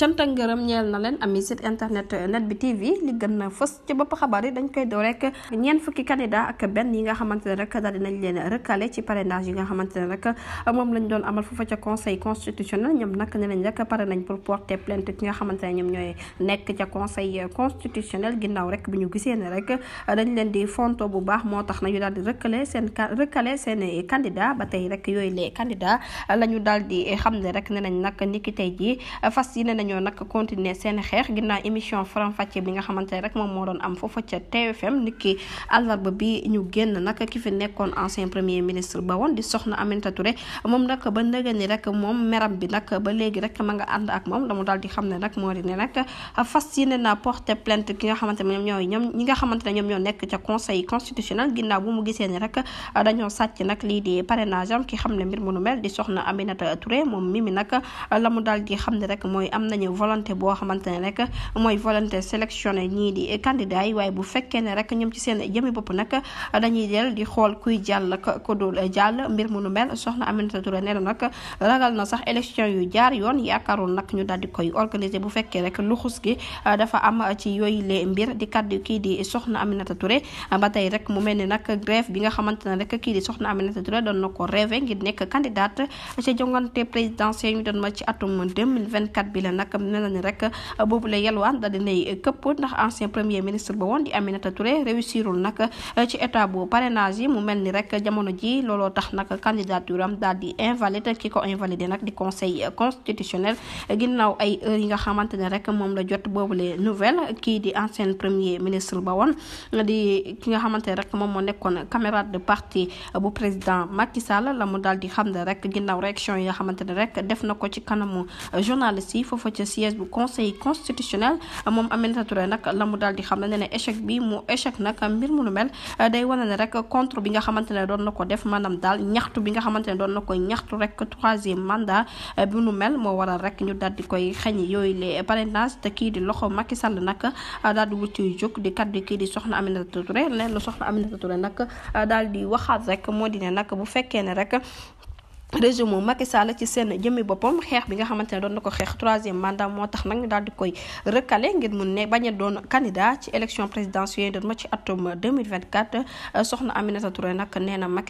cant ak ngërëm ñeel na leen ami site internet net bi TV li na fës ci bopp xabaar yi dañ koy doo rek ñeent fukki candidat ak benn yi nga xamante ne rek daal dinañ leen recalé ci parrainage yi nga xamante ne rek moom lañ doon amal foofa ca conseil constitutionnel ne nañ rek pare nañ pour porter plainte ki nga xamante ne ñoom ñooy nekk ca conseil constitutionnel ginnaaw rek bi ñu gisee ne rek dañ leen di fonto bu baax moo tax nañu daal di recalé seen recalé seen candidat ba tey rek yooyu les candidats la ñu daal di xam ne rek ne nañ nag niki tey ji fas yi ne nañoo nag continuer seen xeex ginnaaw ba woon di soxna Aminata ba ndëgën ni ma nga ànd ak moom la mu daal di xam ne moo di ki nga xamante ne ñoom ñooy ñoom ñi nga xamante ne ñoom ñoo nekk ca conseil constitutionnel ginnaaw bu mu gisee ni rek dañoo sàcc nag lii di parrainage am ki xam ne mbir mu nu mel di soxna Aminata Touré moom mimi nag la mu daal di xam ne rek mooy am nañ ñëw volonté boo xamante ne rek mooy volonté sélectionné ñii di candidat yi waaye bu fekkee ne rek ñoom ci seen jëmi bopp nag dañuy del di xool kuy jàll mbir mu nu mel soxna Aminata Touré nee nag ragal bu fekkee rek luxus gi dafa am ci yooyu lee mbir di kaddu kii di mu mel ni nag grève bi nga xamante ne rek kii soxna Aminata Touré doon na ko rêvé ngir nekk candidate ci jongante présidentielle ñu doon ma ci atum 2024 bi la nag nag ni rek uh, boobu la yelwaan da dinay këpp ndax ancien premier ministre ba woon di Aminata Touré réussirul nag uh, ci état bu parrainage yi mu mel ni rek jamono ji looloo tax nag candidature am daal di invalide ki ko invalidé nag di conseil constitutionnel ginnaaw ay heure yi nga xamante ne rek moom la jot boobule nouvelle kii di ancien premier ministre ba uh, di ki nga xamante ne rek moom moo nekkoon camarade de parti bu président Macky Sall la mu daal di xam ne rek ginnaaw réaction yi nga xamante ne rek def na ko ci kanamu journaliste foofu fa ca siège bu conseil constitutionnel moom Aminata Touré nag la di xam ne ne échec bi mu échec nag mbir mu nu mel day wane ne rek contre bi nga xamante ne doon na ko def maanaam daal ñaxtu bi nga xamante ne doon na ko ñaxtu rek troisième mandat bi nu mel moo waral rek ñu daal koy xañ yooyu les parrainage te kii di loxo Macky Sall nag daal di wuti di kii di soxna Aminata Touré soxna Aminata Touré nag waxaat rek moo di ne nag bu fekkee ne rek régime mu Macky Sall ci seen jëmmi boppam xeex bi nga xamante ne doon na ko xeex troisième mandat moo tax nag ñu daal di koy recalé ngir mu ne bañ a doon candidat ci élection présidentielle doon ma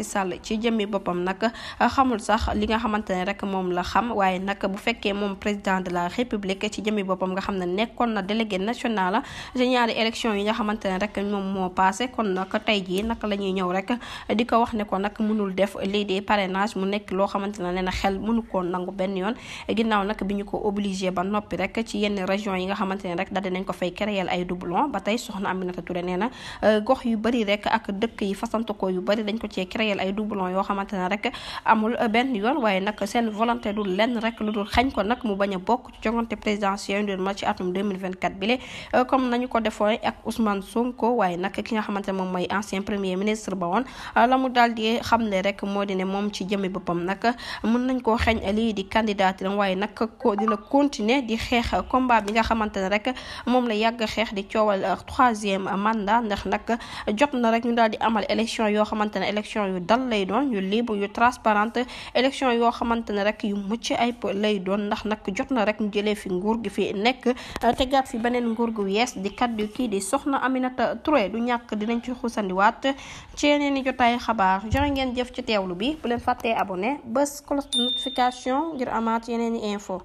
jëmmi boppam nag xamul sax li nga xamante ne rek moom la xam waaye nag bu fekkee moom président de la république ci jëmmi boppam nga xam ne nekkoon na délégué national ci ñaari élection yi nga xamante ne rek moom moo passé kon nag tey jii nag la ñuy ñëw rek di ko wax ne ko nag mënul def lii di parrainage mu nekk loo xamante ne nee na xel mënu koo nangu benn yoon ginnaaw nag bi ñu ko obligé ba noppi rek ci yenn région yi nga xamante ne rek euh, gox yu bari rek ak dëkk yi fasantu ko yu bari dañ ko cee créer ay doublon yoo xamante ne rek amul euh, benn yoon waaye nag seen volonté du lenn rek lu dul xañ ko nag mu bañ a bokk ci jongante présidentielle yu ma ci atum 2024 bi euh, comme nañu ko defoon ak Ousmane Sonko waaye nag ki nga xamante ne moom mooy ancien premier moo di ne moom ci jëme boppam nag nag mën nañ koo xeeñ lii di candidat la waaye nag ko dina continuer di xeex combat bi nga xamante ne rek moom la yàgg xeex di coowal troisième mandat ndax nag jot na rek ñu daal di amal élection yoo xamante ne élection yu dal lay doon yu yu transparente élection yoo xamante ne rek yu mucc ayib lay doon ndax nag jot na rek ñu jëlee fi nguur gi fi nekk tegaat fi beneen nguur gu wees di kat kaddu kii di soxna Aminata Touré du ñàkk dinañ ci xusandiwaat ci yeneen i jotaay xabaar joxe ngeen jëf ci teewlu bi bu leen fàttee abonné bës cloche de notification ngir amaat yeneen i info